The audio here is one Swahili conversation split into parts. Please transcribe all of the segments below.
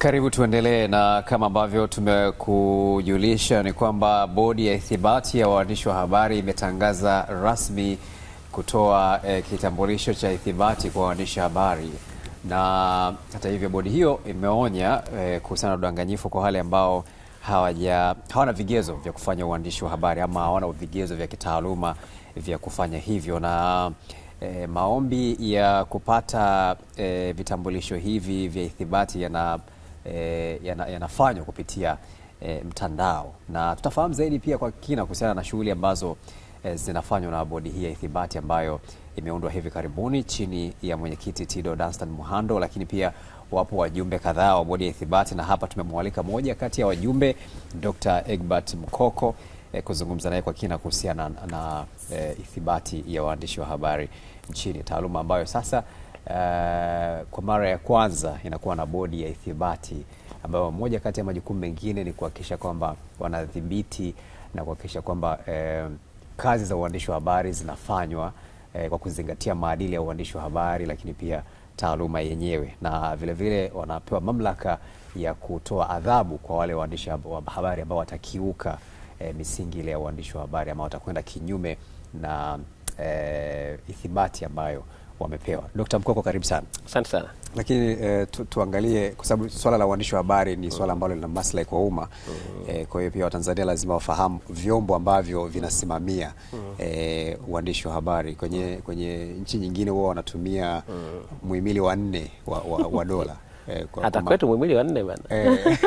Karibu tuendelee, na kama ambavyo tumekujulisha ni kwamba bodi ya ithibati ya waandishi wa habari imetangaza rasmi kutoa eh, kitambulisho cha ithibati kwa waandishi wa habari, na hata hivyo bodi hiyo imeonya eh, kuhusiana na udanganyifu kwa wale ambao hawaja hawana vigezo vya kufanya uandishi wa habari ama hawana vigezo vya kitaaluma vya kufanya hivyo na E, maombi ya kupata e, vitambulisho hivi vya ithibati yana eh, yanafanywa yana kupitia eh, mtandao, na tutafahamu zaidi pia kwa kina kuhusiana na shughuli ambazo eh, zinafanywa na bodi hii ya ithibati ambayo imeundwa hivi karibuni chini ya mwenyekiti Tido dastan Muhando, lakini pia wapo wajumbe kadhaa wa bodi ya ithibati, na hapa tumemwalika moja kati ya wajumbe Dr. Egbert Mkoko eh, kuzungumza naye kwa kina kuhusiana na, na eh, ithibati ya waandishi wa habari nchini, taaluma ambayo sasa Eh, kwa mara ya kwanza inakuwa na bodi ya ithibati ambayo moja kati ya majukumu mengine ni kuhakikisha kwamba wanadhibiti na kuhakikisha kwamba eh, kazi za uandishi wa habari zinafanywa eh, kwa kuzingatia maadili ya uandishi wa habari, lakini pia taaluma yenyewe, na vilevile vile wanapewa mamlaka ya kutoa adhabu kwa wale waandishi wa habari ambao watakiuka eh, misingi ile ya uandishi wa habari ama watakwenda kinyume na eh, ithibati ambayo wamepewa. Dkt. Mkoko, karibu sana. Asante sana. Lakini eh, tu, tuangalie kwa sababu swala la uandishi wa habari ni swala ambalo lina maslahi kwa umma mm. eh, kwa hiyo pia Watanzania lazima wafahamu vyombo ambavyo vinasimamia mm. eh, uandishi wa habari. Kwenye, kwenye nchi nyingine huwa wanatumia mm. muhimili wa nne wa, wa, wa dola eh, kwa hata kwetu muhimili wa nne bana eh.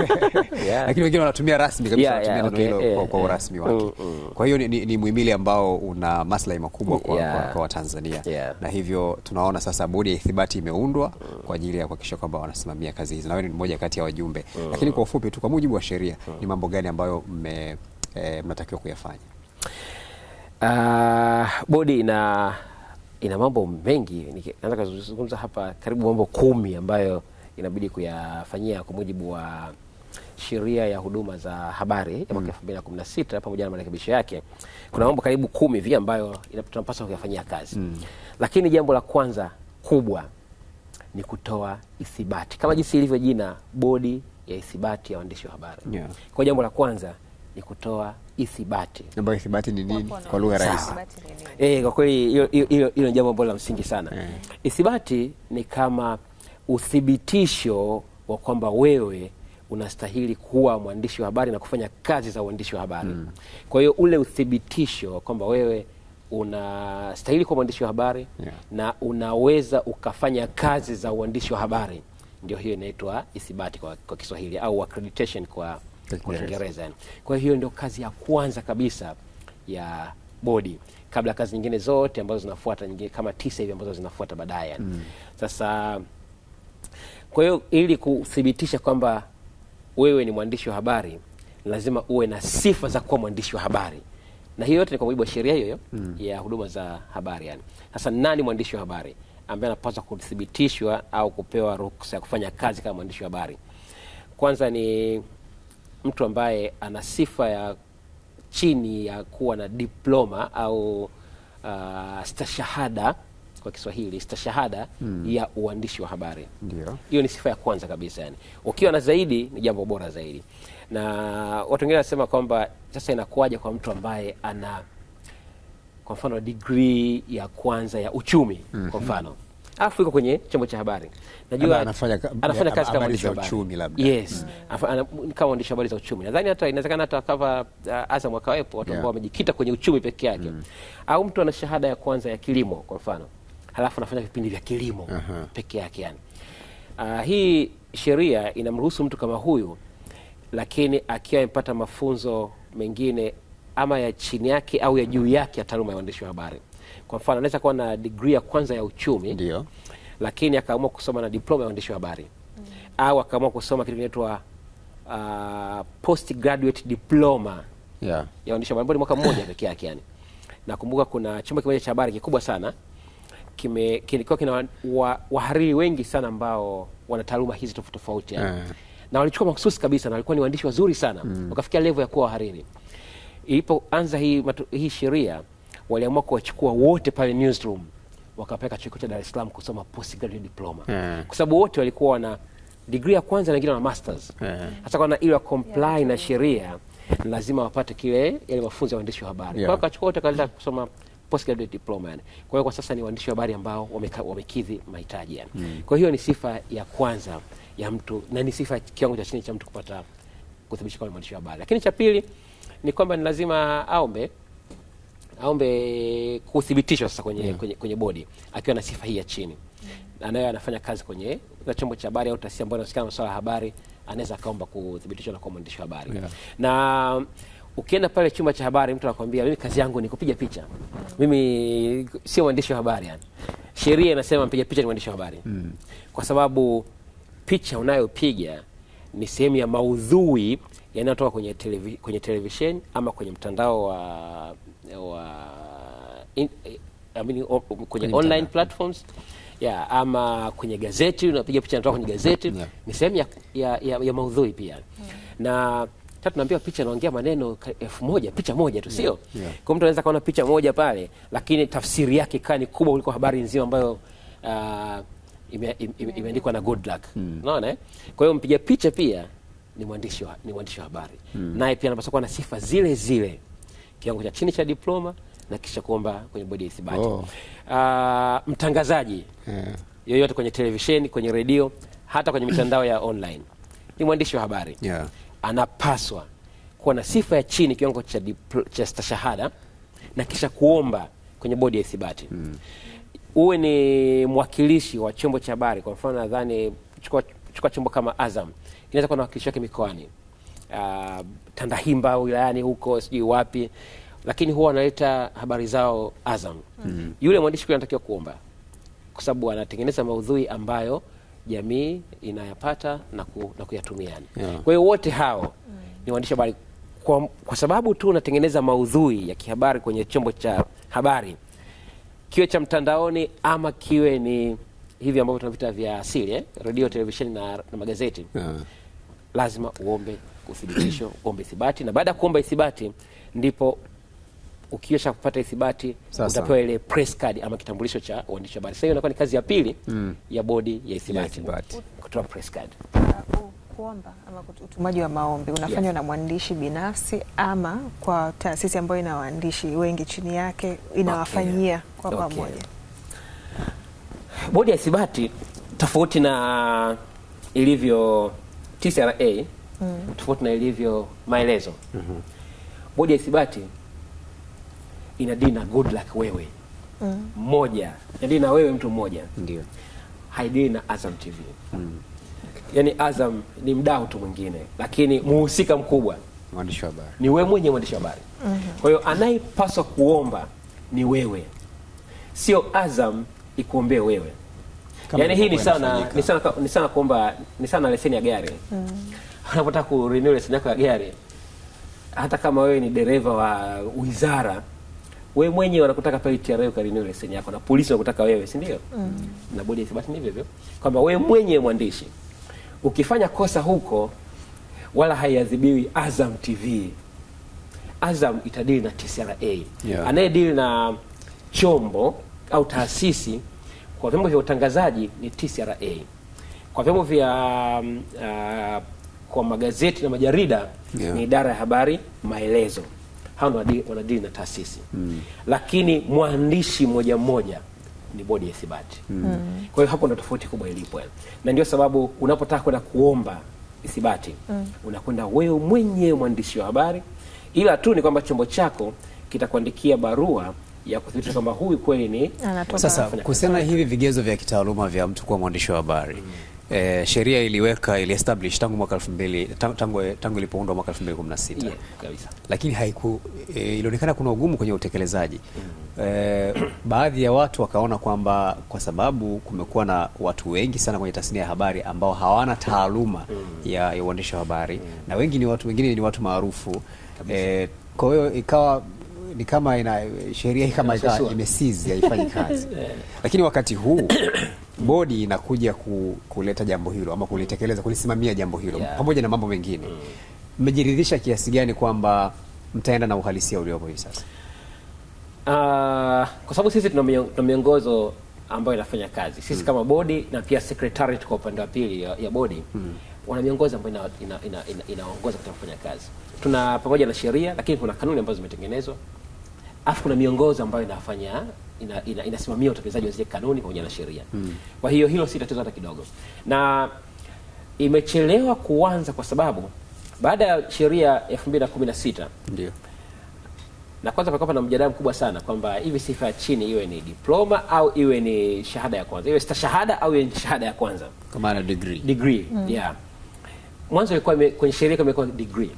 yeah. Lakini wengine wanatumia rasmi kabisa yeah, yeah, okay, hilo yeah, kwa, kwa yeah. urasmi wake mm, mm. Kwa hiyo ni, ni, ni muhimili ambao una maslahi makubwa kwa, yeah. kwa, kwa Watanzania yeah. Na hivyo tunaona sasa bodi ya ithibati imeundwa mm. kwa ajili ya kuhakikisha kwamba wanasimamia kazi hizi, na wewe ni mmoja kati ya wajumbe mm. Lakini kwa ufupi tu, kwa mujibu wa sheria mm. ni mambo gani ambayo mme, e, mnatakiwa kuyafanya? Uh, bodi ina ina mambo mengi, naweza kuzungumza hapa karibu mambo kumi ambayo inabidi kuyafanyia kwa mujibu wa sheria ya huduma za habari ya mwaka 2016 mm. pamoja na marekebisho yake. Kuna mambo karibu kumi hivi ambayo tunapaswa kuyafanyia kazi mm. Lakini jambo la kwanza kubwa ni kutoa ithibati kama jinsi ilivyo jina, bodi ya ithibati ya waandishi wa habari yeah. Kwa jambo la kwanza ni kutoa ithibati. Ambayo ithibati ni nini kwa lugha rahisi? Eh, kwa kweli hilo ni jambo ambalo la msingi sana yeah. Ithibati ni kama uthibitisho wa kwamba wewe unastahili kuwa mwandishi wa habari na kufanya kazi za uandishi wa habari mm. Kwa hiyo ule uthibitisho wa kwamba wewe unastahili kuwa mwandishi wa habari yeah. na unaweza ukafanya kazi za uandishi wa habari, ndio hiyo inaitwa ithibati kwa, kwa Kiswahili au accreditation kwa Kiingereza. Kwa hiyo ndio kazi ya kwanza kabisa ya bodi kabla kazi nyingine zote ambazo zinafuata nyingine, kama tisa hivi ambazo zinafuata baadaye mm. Sasa kwa hiyo ili kuthibitisha kwamba wewe ni mwandishi wa habari lazima uwe na sifa za kuwa mwandishi wa habari, na hiyo yote ni kwa mujibu wa sheria hiyo mm. ya huduma za habari. Yani sasa, nani mwandishi wa habari ambaye anapaswa kuthibitishwa au kupewa ruhusa ya kufanya kazi kama mwandishi wa habari? Kwanza ni mtu ambaye ana sifa ya chini ya kuwa na diploma au uh, stashahada kwa Kiswahili stashahada mm. ya uandishi wa habari. Ndio. Hiyo ni sifa ya kwanza kabisa yani. Ukiwa na zaidi ni jambo bora zaidi. Na watu wengine wanasema kwamba sasa inakuwaje kwa mtu ambaye ana kwa mfano degree ya kwanza ya uchumi mm -hmm. kwa mhm. mfano alafu iko kwenye chombo cha habari najua anafanya, anafanya kazi kama mwandishi wa uchumi labda yes mm. kama mwandishi wa habari za uchumi nadhani hata inawezekana hata kava uh, Azam wakawepo watu ambao yeah. wamejikita kwenye uchumi peke yake mm. au mtu ana shahada ya kwanza ya kilimo kwa mfano mm halafu anafanya vipindi vya kilimo uh-huh. peke yake yani. Uh, hii sheria inamruhusu mtu kama huyu, lakini akiwa amepata mafunzo mengine ama ya chini yake au ya juu yake ya taaluma ya uandishi wa habari. Kwa mfano, anaweza kuwa na degree ya kwanza ya uchumi ndio, lakini akaamua kusoma na diploma ya uandishi wa habari mm. au akaamua kusoma kitu kinaitwa uh, ah, post graduate diploma yeah. ya uandishi wa habari, mwaka mmoja peke yake yani. Nakumbuka kuna chumba kimoja cha habari kikubwa sana kime, kilikuwa kina wa, wahariri wengi sana ambao wana taaluma hizi tofauti tofauti yeah. na walichukua mahususi kabisa na walikuwa ni waandishi wazuri sana mm. wakafikia levo ya kuwa wahariri. Ilipoanza hii, hii sheria waliamua kuwachukua wote pale newsroom wakapeleka chuo cha Dar es Salaam kusoma postgraduate diploma yeah. kwa sababu wote walikuwa wana degree ya kwanza na wengine wana masters yeah. hasa kwa na ile comply yeah. na sheria lazima wapate kile yale mafunzo ya uandishi wa habari yeah. kwa wakachukua wote wakaleta kusoma postgraduate diploma yani. Kwa hiyo kwa sasa ni waandishi wa habari ambao wamekidhi wame mahitaji yani. Mm. Kwa hiyo ni sifa ya kwanza ya mtu na ni sifa kiwango cha chini cha mtu kupata kuthibitisha kama mwandishi wa habari. Lakini cha pili ni kwamba ni lazima aombe aombe kuthibitishwa sasa kwenye, yeah. kwenye, kwenye bodi akiwa na sifa hii ya chini Mm. anayo anafanya kazi kwenye chombo cha habari au taasisi ambayo inahusika na masuala ya habari anaweza akaomba kuthibitishwa na kwa mwandishi wa habari yeah. na ukienda pale chumba cha habari, mtu anakwambia mimi kazi yangu ni kupiga picha, mimi sio mwandishi wa habari. Yani sheria inasema mpiga picha ni mwandishi wa habari mm. kwa sababu picha unayopiga ni sehemu ya maudhui yanayotoka kwenye televi, kwenye televisheni ama kwenye mtandao wa, wa in, eh, I mean, o, kwenye, online mtandao. platforms yeah, ama kwenye gazeti unapiga picha inatoka kwenye gazeti yeah. ni sehemu ya, ya, ya, ya maudhui pia yeah. Hmm. na sasa tunaambiwa picha inaongea maneno elfu moja picha moja tu, sio? Yeah. Yeah. Kwa mtu anaweza kaona picha moja pale, lakini tafsiri yake kaa ni kubwa kuliko habari nzima ambayo uh, imeandikwa ime, ime na good luck hmm. Unaona mm. eh? Kwa hiyo mpiga picha pia ni mwandishi wa, ni mwandishi wa habari. Mm. Naye pia anapaswa kuwa na sifa zile zile. Kiwango cha chini cha diploma na kisha kuomba kwenye bodi ya ithibati. Oh. Uh, mtangazaji. Yeah. Yoyote kwenye televisheni, kwenye redio, hata kwenye mitandao ya online. Ni mwandishi wa habari. Yeah anapaswa kuwa na sifa ya chini kiwango cha, cha stashahada na kisha kuomba kwenye bodi ya ithibati mm. Uwe ni mwakilishi wa chombo cha habari. Kwa mfano, nadhani chukua, chukua chombo kama Azam inaweza kuwa na wakilishi wake mikoani, uh, Tandahimba wilayani huko sijui wapi, lakini huwa wanaleta habari zao Azam mm. Yule mwandishi kule anatakiwa kuomba, kwa sababu anatengeneza maudhui ambayo jamii inayapata na, ku, na kuyatumia yeah. Kwa hiyo wote hao ni waandishi habari kwa, kwa sababu tu unatengeneza maudhui ya kihabari kwenye chombo cha habari kiwe cha mtandaoni ama kiwe ni hivi ambavyo tunavita vya asili eh? redio, televisheni na, na magazeti yeah. Lazima uombe uthibitisho, uombe ithibati, na baada ya kuomba ithibati ndipo ukiisha kupata ithibati utapewa ile press card ama kitambulisho cha uandishi habari. Sasa hiyo inakuwa ni kazi ya pili mm. ya bodi ya ithibati kutoa press card. Uh, kuomba ama utumaji wa maombi unafanywa yes. na mwandishi binafsi ama kwa taasisi ambayo ina waandishi wengi chini yake inawafanyia okay. kwa pamoja okay. Bodi ya ithibati tofauti na ilivyo TCRA mm. tofauti na ilivyo maelezo mm -hmm. Bodi ya ithibati inadina good luck wewe mm. mmoja mm. ina na wewe mtu mmoja ndio, haidili na Azam TV mm. Yani Azam ni mdau tu mwingine, lakini muhusika mkubwa mwandishi wa habari ni wewe mwenye mwandishi wa habari mm -hmm. Kwa hiyo anayepaswa kuomba ni wewe, sio Azam ikuombee wewe. Kama yani hii ni sana, ni sana ni sana kuomba ni sana leseni ya gari mm. Unapotaka kurenew leseni yako ya gari, hata kama wewe ni dereva wa wizara we mwenyewe wanakutaka pale TRA ukarinew leseni yako na polisi wanakutaka wewe, si ndio? mm. na bodi ya ni hivyo kwamba we mwenyewe mwandishi ukifanya kosa huko wala haiadhibiwi Azam TV. Azam itadili na TCRA. Yeah. Anayedili na chombo au taasisi kwa vyombo vya utangazaji ni TCRA. Kwa vyombo vya uh, kwa magazeti na majarida yeah, ni idara ya habari maelezo hawa wanadili na taasisi mm. Lakini mwandishi mmoja mmoja ni bodi ya ithibati mm. mm. Kwa hiyo hapo ndo tofauti kubwa ilipo, na ndio sababu unapotaka kwenda kuomba ithibati mm. unakwenda wewe mwenyewe mwandishi wa habari, ila tu ni kwamba chombo chako kitakuandikia barua ya kuthibitisha kwamba huyu kweli ni. Sasa kusema hivi vigezo vya kitaaluma vya mtu kuwa mwandishi wa habari mm. E, sheria iliweka ili establish tangu mwaka 2000 tangu tangu ilipoundwa mwaka 2016 yeah, kabisa. Lakini haiku e, ilionekana kuna ugumu kwenye utekelezaji e, baadhi ya watu wakaona kwamba kwa sababu kumekuwa na watu wengi sana kwenye tasnia ya habari ambao hawana taaluma mm-hmm. ya, uandishi wa habari mm-hmm. na wengi ni watu wengine ni watu maarufu e, kwa hiyo ikawa ni kama ina sheria kama imesizi haifanyi kazi, lakini wakati huu bodi inakuja ku, kuleta jambo hilo ama kulitekeleza kulisimamia jambo hilo yeah. pamoja na mambo mengine mm. mmejiridhisha mm. kiasi gani kwamba mtaenda na uhalisia uliopo hivi sasa? Uh, kwa sababu sisi tuna miongozo ambayo inafanya kazi sisi mm. kama bodi na pia secretariat kwa upande wa pili ya, ya bodi mm. wana miongozo ambayo inaongoza ina, ina, ina, ina katika kufanya kazi. Tuna pamoja na sheria, lakini kuna kanuni ambazo zimetengenezwa, afu kuna miongozo ambayo inafanya ina, ina, inasimamia utekelezaji wa zile kanuni pamoja na sheria mm. Kwa hiyo hilo si tatizo hata kidogo, na imechelewa kuanza kwa sababu baada ya sheria 2016 ndio na kwanza pakuwa na mjadala mkubwa sana kwamba hivi sifa ya chini iwe ni diploma au iwe ni shahada ya kwanza, iwe stashahada au iwe ni shahada ya kwanza, kwa maana degree degree, mm. yeah mwanzo ilikuwa kwenye sheria ilikuwa degree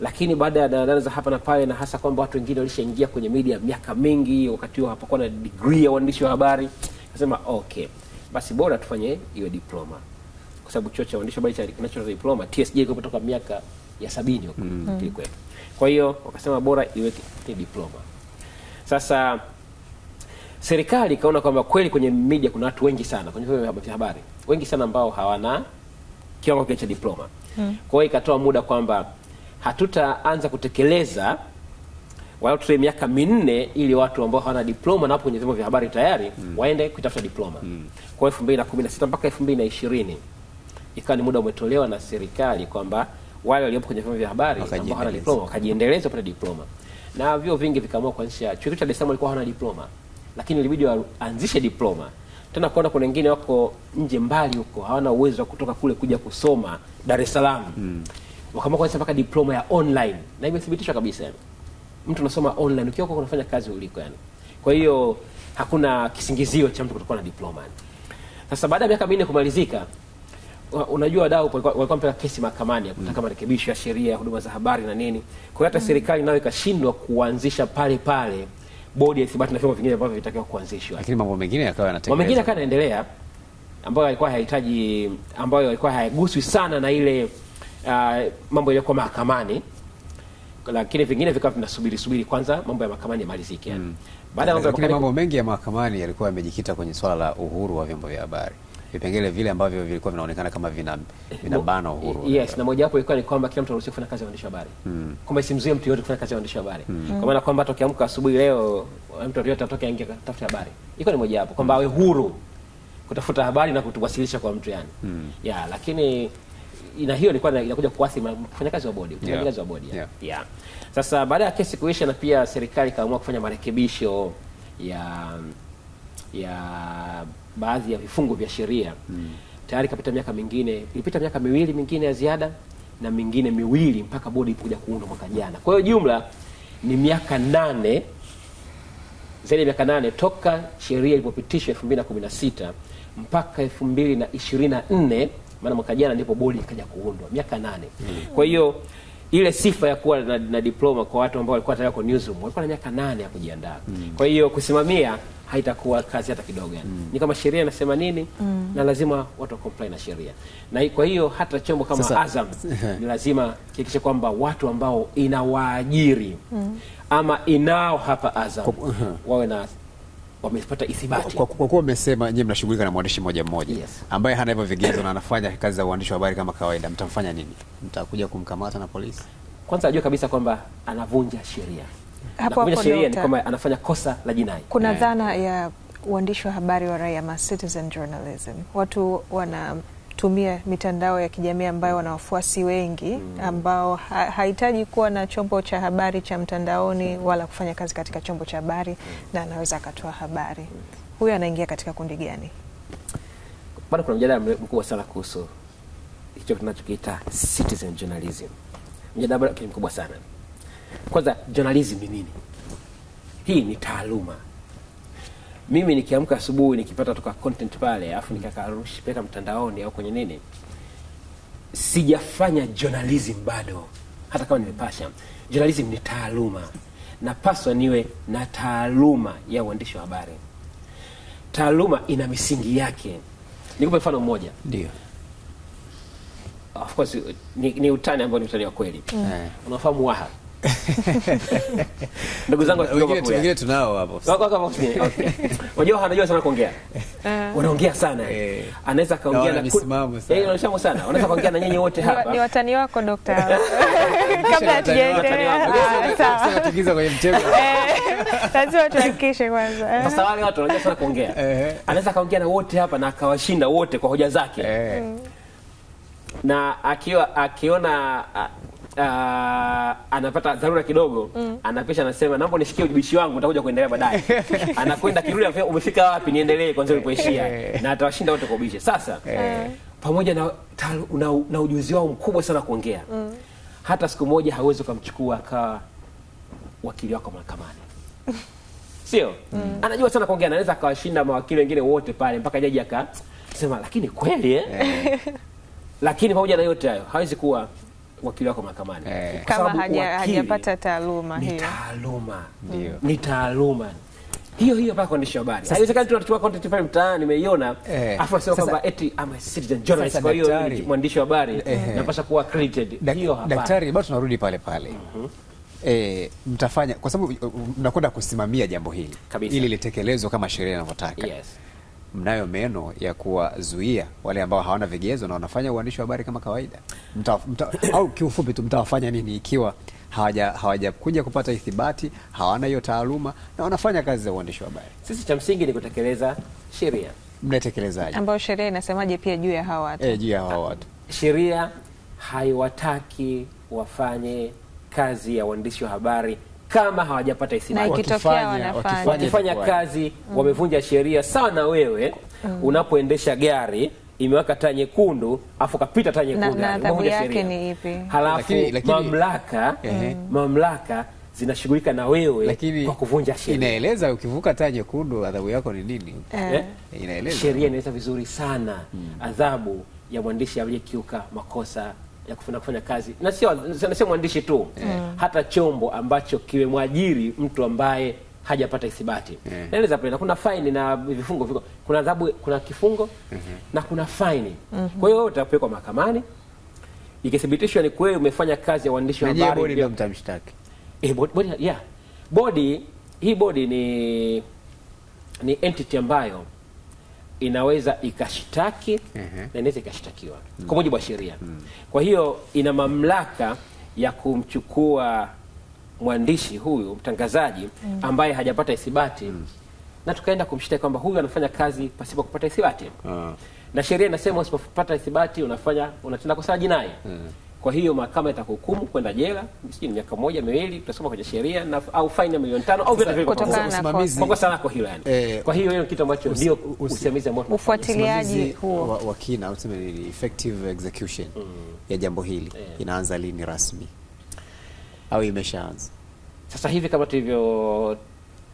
lakini baada ya daladala za hapa na pale, na hasa kwamba watu wengine walishaingia kwenye media miaka mingi, wakati huo hapakuwa na degree ya uandishi wa habari. Nasema okay, basi bora tufanye hiyo diploma, kwa sababu chuo cha uandishi wa habari cha kinacho diploma TSJ iko kutoka miaka ya sabini huko mm. mm. kilikwetu. Kwa hiyo wakasema bora iwe ni diploma. Sasa serikali ikaona kwamba kweli kwenye media kuna watu wengi sana kwenye vyombo vya habari wengi sana ambao hawana kiwango kile cha diploma mm. kwa hiyo ikatoa muda kwamba hatutaanza kutekeleza walau tutoe miaka minne ili watu ambao hawana diploma na hapo kwenye vyombo vya habari tayari mm. waende kutafuta diploma mm. kwa elfu mbili na kumi na sita mpaka elfu mbili na ishirini ikawa ni muda umetolewa na serikali kwamba wale waliopo kwenye vyombo vya habari ambao hawana diploma wakajiendeleza wapate diploma na vyuo vingi vikaamua kuanzisha chuo cha Dar es Salaam walikuwa hawana diploma lakini ilibidi waanzishe diploma tena kuona kuna wengine wako nje mbali huko hawana uwezo wa kutoka kule kuja kusoma Dar es Salaam mm wakaamua kuanzisha mpaka diploma ya online na imethibitishwa kabisa, yani mtu unasoma online ukiwa unafanya kazi uliko yani. Kwa hiyo hakuna kisingizio cha mtu kutokuwa na diploma yani. Sasa baada ya miaka minne kumalizika, unajua wadau walikuwa mpaka kesi mahakamani ya kutaka mm. marekebisho ya sheria ya huduma za habari na nini. Kwa hiyo hata mm. serikali nayo ikashindwa kuanzisha pale pale bodi ya ithibati na vyombo vingine ambavyo vitakiwa kuanzishwa, lakini mambo mengine yakawa yanatekelezwa, mambo mengine yakawa yanaendelea ambayo yalikuwa hayahitaji, ambayo yalikuwa hayaguswi sana na ile uh, mambo yaliyokuwa mahakamani lakini vingine vikawa vinasubiri subiri kwanza mambo ya mahakamani yamalizike. Mm. Baada ya mambo kuhu... mengi ya mahakamani yalikuwa yamejikita kwenye swala la uhuru wa vyombo vya habari. Vipengele vile ambavyo vilikuwa vinaonekana kama vina vinabana uhuru. Yes, na moja wapo ilikuwa ni kwamba kila mtu anaruhusiwa kufanya kazi ya waandishi habari. Mm. Kwamba simzuie mtu yote kufanya kazi ya waandishi habari. Mm. Kwa maana kwamba tukiamka asubuhi leo mtu yote atoke aingie kutafuta habari. Iko ni moja wapo kwamba hmm. awe huru kutafuta habari na kutuwasilisha kwa mtu yani. Mm. Ya, lakini ina hiyo ilikuwa inakuja kuathiri mfanyakazi wa bodi mfanyakazi yeah. wa bodi ya. yeah. yeah. Sasa baada ya kesi kuisha, na pia serikali kaamua kufanya marekebisho ya ya baadhi ya vifungu vya sheria mm. Tayari kapita miaka mingine, ilipita miaka miwili mingine ya ziada na mingine miwili mpaka bodi ilipokuja kuundwa mwaka jana. Kwa hiyo jumla ni miaka nane, zaidi ya miaka nane toka sheria ilipopitishwa 2016 mpaka 2024 maana mwaka jana ndipo bodi ikaja kuundwa miaka nane. Mm. Kwa hiyo ile sifa ya kuwa na, na diploma kwa watu ambao walikuwa tayari kwa newsroom walikuwa na miaka nane ya kujiandaa. Mm. Kwa hiyo kusimamia haitakuwa kazi hata kidogo yani. Mm. Ni kama sheria inasema nini mm. na lazima watu comply na sheria. Na kwa hiyo hata chombo kama Sasa, Azam ni lazima kihakikishe kwamba watu ambao inawaajiri mm. ama inao hapa Azam wawe na wamepata ithibati kwa kuwa wamesema nyie mnashughulika na mwandishi mmoja mmoja yes. ambaye hana hivyo vigezo na anafanya kazi za uandishi wa habari kama kawaida, mtamfanya nini? Mtakuja kumkamata na polisi? Kwanza ajue kabisa kwamba anavunja sheria. Hapo hapo sheria ni kwamba anafanya kosa la jinai. Kuna yeah. ya uandishi wa habari wa raia, citizen journalism, watu wana kutumia mitandao ya kijamii ambayo wana wafuasi wengi mm. ambao ha hahitaji kuwa na chombo cha habari cha mtandaoni wala kufanya kazi katika chombo cha habari mm. na anaweza akatoa habari, huyo anaingia katika kundi gani? Bado kuna mjadala mkubwa sana kuhusu hicho tunachokiita citizen journalism. Mjadala mkubwa sana. Kwanza, journalism ni nini? Hii ni taaluma mimi nikiamka asubuhi nikipata toka content pale alafu nikakarushi peka mtandaoni au kwenye nini, sijafanya journalism bado, hata kama nimepasha. Journalism ni taaluma, napaswa niwe na taaluma ya uandishi wa habari. Taaluma ina misingi yake. Nikupe mfano mmoja, ndio of course ni, ni utani ambao ni utani wa kweli mm. Eh. Unafahamu Waha ndugu zangu wengine tunao hapo wajua, anajua sana kuongea, wanaongea eh. sana, eh. anaweza kaongea na misimamo sana, eh, anaweza kaongea na nyinyi wote hapa. Ni watani wako Dokta, kabla hatujaendelea ah, tukiza kwenye mtego, lazima tuhakikishe kwanza. Sasa wale watu wanajua sana kuongea, anaweza kaongea na wote hapa na akawashinda wote kwa hoja zake, mm. na akiwa akiona uh, anapata dharura kidogo mm. anapisha anasema naomba nishikie ujibishi wangu nitakuja kuendelea baadaye anakwenda kirudi anafika umefika wapi niendelee kwanza ulipoishia eh. na atawashinda wote kwa ubishi sasa eh. pamoja na, talu, na, na ujuzi wao mkubwa sana kuongea mm. hata siku moja hawezi ukamchukua akawa wakili wako mahakamani sio mm. anajua sana kuongea anaweza akawashinda mawakili wengine wote pale mpaka jaji akasema lakini kweli eh? eh? lakini pamoja na yote hayo hawezi kuwa wakili wako mahakamani eh, kama hajapata taaluma hiyo. Ni taaluma ndio, ni taaluma hiyo hiyo mpaka kuandisha habari. Haiwezekani tu tunachukua content pale mtaani, nimeiona eh, afu nasema kwamba eti I'm a citizen journalist, kwa hiyo ni mwandishi wa habari eh, napaswa kuwa accredited. Hiyo hapa Daktari, bado tunarudi pale pale mm -hmm. E, mtafanya kwa sababu eh, mnakwenda kusimamia jambo hili kabisa, ili litekelezwe kama sheria inavyotaka. Yes mnayo meno ya kuwazuia wale ambao hawana vigezo na wanafanya uandishi wa habari kama kawaida mta, mta, au kiufupi tu mtawafanya nini ikiwa hawaja hawajakuja kupata ithibati, hawana hiyo taaluma na wanafanya kazi za uandishi wa habari? Sisi cha msingi ni kutekeleza sheria. Mnatekelezaje? Ambayo sheria inasemaje pia juu ya hawa watu? Eh, juu ya hawa watu sheria haiwataki wafanye kazi ya uandishi wa habari kama hawajapata Wakifanya, kazi mm. wamevunja sheria sana. Wewe mm. unapoendesha gari imewaka taa nyekundu afu kapita taa nyekundu, halafu mamlaka mm. mamlaka zinashughulika na wewe lakini, kwa kuvunja sheria. Inaeleza ukivuka taa nyekundu adhabu yako ni nini? Eh, eh? inaeleza sheria inaeleza vizuri sana mm. adhabu ya mwandishi aliyekiuka makosa ya kufuna kufanya kazi na sio nasema mwandishi tu yeah. Eh. hata chombo ambacho kimemwajiri mtu ambaye hajapata ithibati yeah. naeleza pale, kuna faini na vifungo viko, kuna adhabu, kuna kifungo mm -hmm. na kuna faini mm -hmm. kwa hiyo utapelekwa mahakamani, ikithibitishwa ni kweli umefanya kazi ya uandishi wa habari, bodi ndio mtamshtaki eh, bodi, bodi, yeah. bodi hii bodi ni ni entity ambayo inaweza ikashitaki uh -huh. na inaweza ikashitakiwa mm. kwa mujibu wa sheria mm. Kwa hiyo ina mamlaka ya kumchukua mwandishi huyu mtangazaji mm. ambaye hajapata ithibati mm. na tukaenda kumshtaki kwamba huyu anafanya kazi pasipo kupata ithibati uh ah. -huh. na sheria inasema usipopata ithibati unafanya unatenda kosa jinai mm. Kwa hiyo mahakama itakuhukumu kwenda jela msikini miaka moja miwili, tutasoma kwenye sheria na au faini ya milioni tano au vile vile kwa kosa lako hilo yani. Eh, kwa hiyo hiyo kitu ambacho ndio usimamizi ambao ufuatiliaji huo wa, wa kina useme ni effective execution mm, ya jambo hili eh, inaanza lini rasmi au imeshaanza sasa hivi kama tulivyo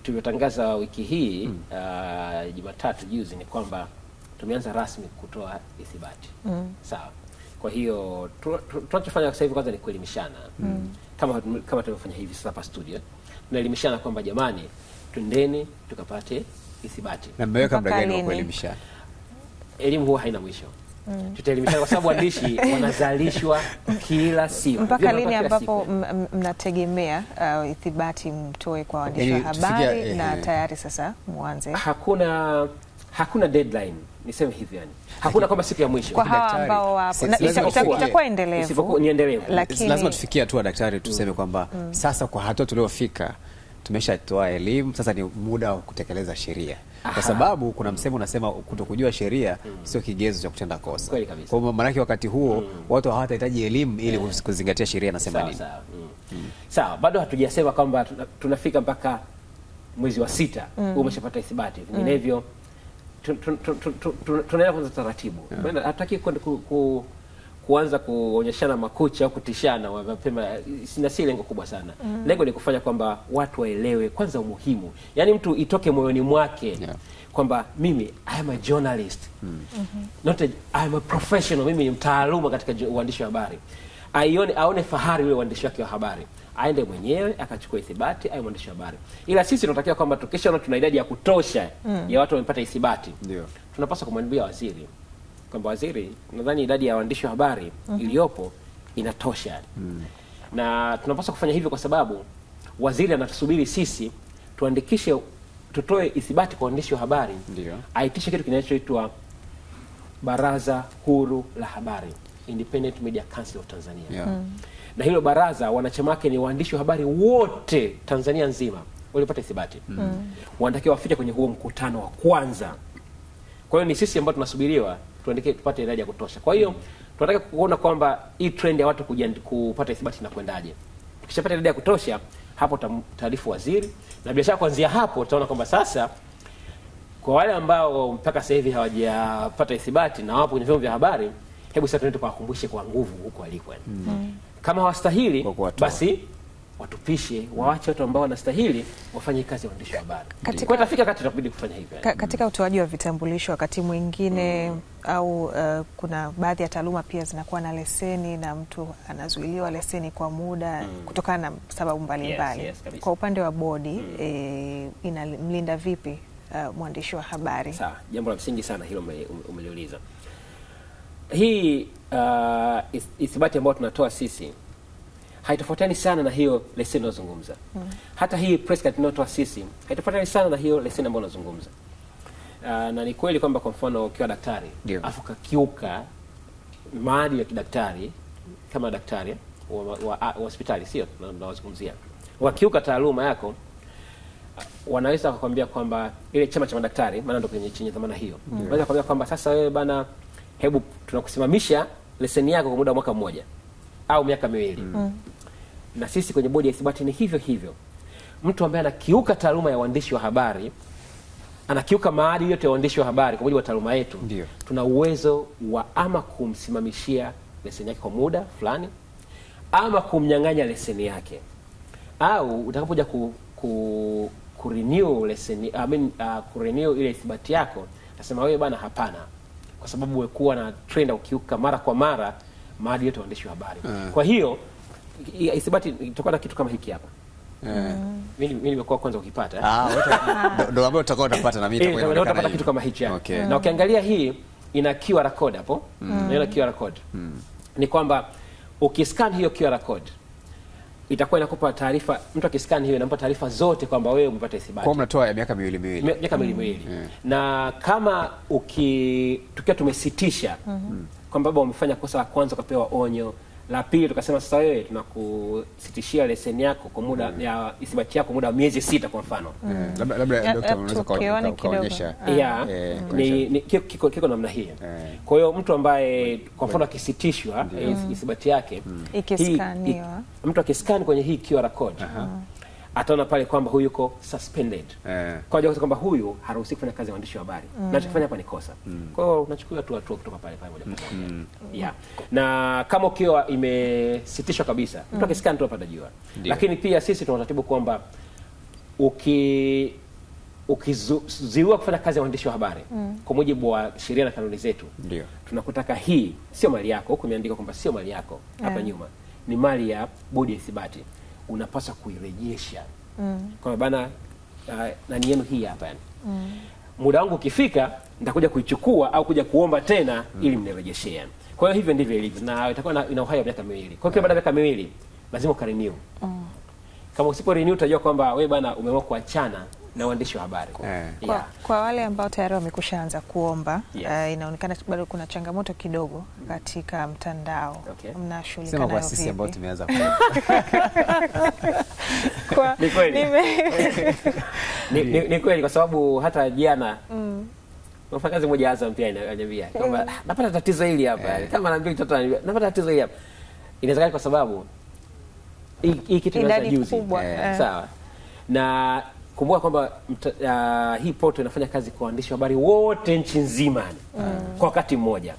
tulivyotangaza wiki hii mm, uh, Jumatatu juzi ni kwamba tumeanza rasmi kutoa ithibati mm, sawa kwa hiyo tunachofanya sasa hivi kwanza ni kuelimishana mm. kama kama tunavyofanya hivi sasa hapa studio, tunaelimishana kwamba jamani, twendeni tukapate ithibati. Na mmeweka muda gani wa kuelimishana? Elimu huwa haina mwisho mm. Tutaelimishana kwa sababu waandishi wanazalishwa kila siku. Mpaka lini ambapo mnategemea uh, ithibati mtoe kwa waandishi wa yaani, habari eh, na eh. tayari sasa muanze. Hakuna hakuna deadline, niseme hivi yani, hakuna kwamba siku ya mwisho kwa hawa ambao wapo, itakuwa endelevu, ni endelevu. Lakini lazima tufikie hatua daktari, tuseme mm. kwamba mm. sasa kwa hatua tuliofika tumeshatoa elimu, sasa ni muda wa kutekeleza sheria, kwa sababu kuna msemo unasema kutokujua sheria mm. sio kigezo cha kutenda kosa. Kwa hiyo maanake wakati huo mm. watu hawatahitaji elimu ili yeah. kuzingatia sheria nasema nini. Sawa, mm. mm. bado hatujasema kwamba tunafika mpaka mwezi wa sita mm. umeshapata ithibati, mm. vinginevyo mm tunaenda kwanza taratibu, hatutaki kwenda kuanza kuonyeshana makocha au kutishana mapema, sina si lengo kubwa sana mm. Lengo ni kufanya kwamba watu waelewe kwanza umuhimu, yaani mtu itoke moyoni mwake yeah. kwamba mimi I am a journalist mm. mm -hmm. not a, I am a professional, mimi ni mtaaluma katika uandishi wa habari aione aone fahari yule uandishi wake wa habari aende mwenyewe akachukua ithibati awe mwandishi wa habari. Ila sisi tunatakiwa kwamba tukishaona tuna idadi ya kutosha mm. ya watu wamepata ithibati, tunapaswa kumwambia waziri kwamba waziri, nadhani idadi ya waandishi wa habari mm -hmm. iliyopo inatosha mm. na tunapaswa kufanya hivyo kwa sababu waziri anatusubiri sisi tuandikishe, tutoe ithibati kwa waandishi wa habari, aitishe kitu kinachoitwa baraza huru la habari. Independent Media Council of Tanzania yeah. mm. na hilo baraza wanachama wake ni waandishi wa habari wote Tanzania nzima walipata ithibati mm. wanatakiwa wafike kwenye huo mkutano wa kwanza. Kwa hiyo ni sisi ambao tunasubiriwa tuandike tupate idadi ya kutosha. Kwa hiyo mm. tunataka kuona kwamba hii trend ya watu kujand, kupata ithibati inakwendaje. Tukishapata idadi ya kutosha, hapo taarifu waziri, na bila shaka kuanzia hapo tutaona kwamba sasa kwa wale ambao mpaka sasa hivi hawajapata ithibati na wapo kwenye vyombo vya habari hebu sasa tuende tukawakumbushe kwa nguvu huko walikwenda. Mm. mm. Kama hawastahili basi watupishe waache watu ambao wanastahili wafanye kazi ya uandishi wa habari. Katika, kwa tafika kati tutabidi kufanya hivyo. Ka, katika utoaji wa vitambulisho wakati mwingine mm. au uh, kuna baadhi ya taaluma pia zinakuwa na leseni na mtu anazuiliwa leseni kwa muda mm. kutokana na sababu mbalimbali. Yes, yes, kwa upande wa bodi mm. e, inamlinda vipi uh, mwandishi wa habari? Sawa, jambo la msingi sana hilo umeliuliza ume hii uh, ithibati ambayo tunatoa sisi haitofautiani sana na hiyo leseni unayozungumza. Mm. Hata hii press tunayotoa sisi haitofautiani sana na hiyo leseni ambayo unazungumza. Uh, na ni kweli kwamba kwa mfano ukiwa daktari afu kakiuka maadili ya kidaktari kama daktari wa, wa, wa, wa hospitali sio nawazungumzia wakiuka taaluma yako wanaweza wakakwambia kwamba ile chama cha madaktari maana ndio chenye dhamana hiyo, wanaweza kwambia kwamba sasa wewe bana hebu tunakusimamisha leseni yako kwa muda wa mwaka mmoja au miaka miwili mm. mm. na sisi kwenye bodi ya ithibati ni hivyo hivyo. Mtu ambaye anakiuka taaluma ya uandishi wa habari anakiuka maadili yote ya uandishi wa habari kwa mujibu wa taaluma yetu, tuna uwezo wa ama kumsimamishia leseni yake kwa muda fulani ama kumnyang'anya leseni yake au utakapoja ku, ku, ku ku leseni I mean, uh, ku ile ithibati yako, nasema wewe bana, hapana kwa sababu wekuwa na trend ukiuka mara kwa mara maadi yetu waandishi wa habari. Eh. Kwa hiyo isibati itakuwa na kitu kama hiki hapa. Mimi eh. nimekuwa kwanza ukipata. Ah, ndio ambao utakao utapata na mimi nitakuwa eh, utapata kitu kama hichi. okay. Na ukiangalia hii ina QR code hapo. mm. Ina QR code. mm. Ni kwamba ukiscan hiyo QR code itakuwa inakupa taarifa, mtu akiskan hiyo inampa taarifa zote kwamba wewe umepata ithibati. Kwa mnatoa ya miaka miwili miwili. Miaka miwili mm. miwili. Mm. Na kama uki tukiwa tumesitisha mm -hmm. kwamba baba umefanya kosa la kwanza ukapewa onyo la pili tukasema sasa, wewe tunakusitishia leseni yako kwa muda mm. ya isibati yako muda wa miezi sita kwa mfano mm. labda labda daktari, eh, ah. eh, ni kiko kiko namna hii. Eh. Kwa hiyo mtu ambaye kwa mfano akisitishwa isibati yake, mm. mtu akiskani kwenye hii QR code ataona pale kwamba huyu yuko suspended eh, kwa hiyo kwamba huyu haruhusi kufanya kazi ya uandishi wa habari mm. na anachofanya hapa ni kosa mm. kwa hiyo unachukua tu hatua kutoka pale pale moja kwa moja mm. yeah. na kama ukiwa imesitishwa kabisa mm. mtu mm. akisikia tu hapa tajua, lakini pia sisi tuna kwamba uki ukizuiwa kufanya kazi ya uandishi wa habari mm. kwa mujibu wa sheria na kanuni zetu, ndio tunakutaka hii sio mali yako. Huko imeandikwa kwamba sio mali yako hapa yeah. nyuma ni mali ya bodi ya ithibati unapaswa kuirejesha mm. kwa bana uh, nani yenu hii hapa yani mm. muda wangu ukifika nitakuja kuichukua au kuja kuomba tena mm. ili mnirejeshee yani. Kwa hiyo hivyo ndivyo ilivyo na itakuwa ina uhai wa miaka miwili. Kwa hiyo baada ya miaka miwili lazima ukarenew. Mm. Kama usipo renew utajua kwamba wewe bana umeamua kuachana na uandishi wa habari kwa, eh. yeah. Kwa, kwa wale ambao tayari wamekushaanza kuomba yes. Uh, eh, inaonekana bado kuna changamoto kidogo katika mtandao okay. Mnashughulika nayo vipi? ambao tumeanza kwa ni kweli ni ni, ni kweli kwa sababu hata jana mm. Mfanyakazi mmoja Azam pia ananiambia eh. kwamba mm. napata tatizo hili hapa yeah. Kama naambia mtoto ananiambia napata tatizo hili hapa, inawezekana kwa sababu hii kitu inaanza juzi sawa na kumbuka kwamba uh, hii poto inafanya kazi kwa waandishi wa habari wote nchi nzima mm. kwa wakati mmoja.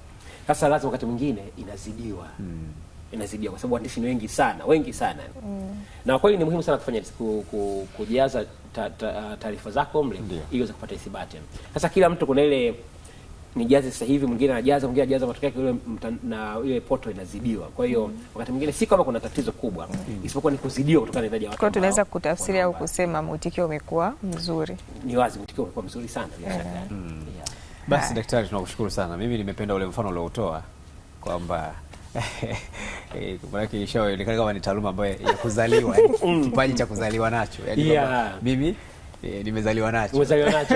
Sasa lazima wakati mwingine inazidiwa mm. inazidiwa kwa sababu waandishi ni wengi sana wengi sana mm. na kwa hiyo ni muhimu sana kufanya ku, ku, kujaza taarifa ta, ta, zako mle ili uweze kupata ithibati. Sasa kila mtu kuna ile nijaze sasa hivi, mwingine anajaza, mwingine anajaza, matokeo yake na ile poto inazidiwa. Kwa hiyo mm. wakati mwingine si kama kuna tatizo kubwa mm. isipokuwa ni kuzidiwa kutokana na idadi ya watu. Kwa tunaweza kutafsiri au kusema mwitikio umekuwa mzuri. Ni wazi mwitikio umekuwa mzuri sana bila shaka. Eh. Mm. Yeah. Basi daktari, tunakushukuru sana. Mimi nimependa ule mfano uliotoa kwamba eh, maanake ishaonekana kama ni taaluma ambayo ya kuzaliwa, kipaji cha kuzaliwa nacho, yaani mimi Yeah, nimezaliwa nacho. Umezaliwa nacho.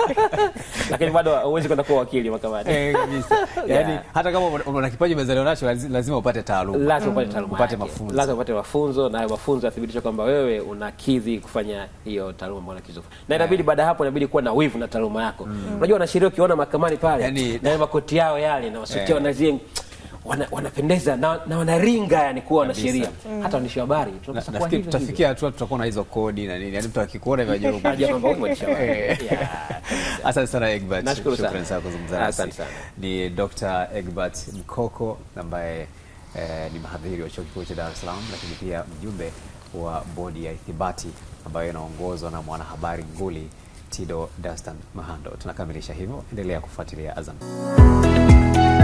Lakini bado huwezi kwenda kuwa wakili mahakamani. Eh, kabisa. Yaani yeah. hata kama una kipaji umezaliwa nacho lazima upate taaluma. Lazima upate taaluma. Upate mafunzo. Lazima upate mafunzo na mafunzo yathibitisha kwamba wewe unakidhi kufanya hiyo taaluma ambayo unakizo. Na inabidi yeah. baada hapo inabidi kuwa na wivu na taaluma yako. Mm. Unajua wanasheria ukiona mahakamani pale, yani, na makoti yao yale na wasuti yeah wana, wanapendeza na, na wanaringa yani kuwa na sheria mm. hata waandishi wa habari nafikiri tutafikia hatua tutakuwa na hizo kodi na nini yani mtu akikuona hivyo ajaokaja mambo huko waandishi wa asante sana Egbert nashukuru sana sana kuzungumza nasi ni Dr. Egbert Mkoko ambaye eh, ni mhadhiri wa chuo kikuu cha Dar es Salaam lakini pia mjumbe wa bodi ya ithibati ambayo inaongozwa na mwanahabari nguli Tido Dastan Mahando. Tunakamilisha hivyo, endelea kufuatilia Azam.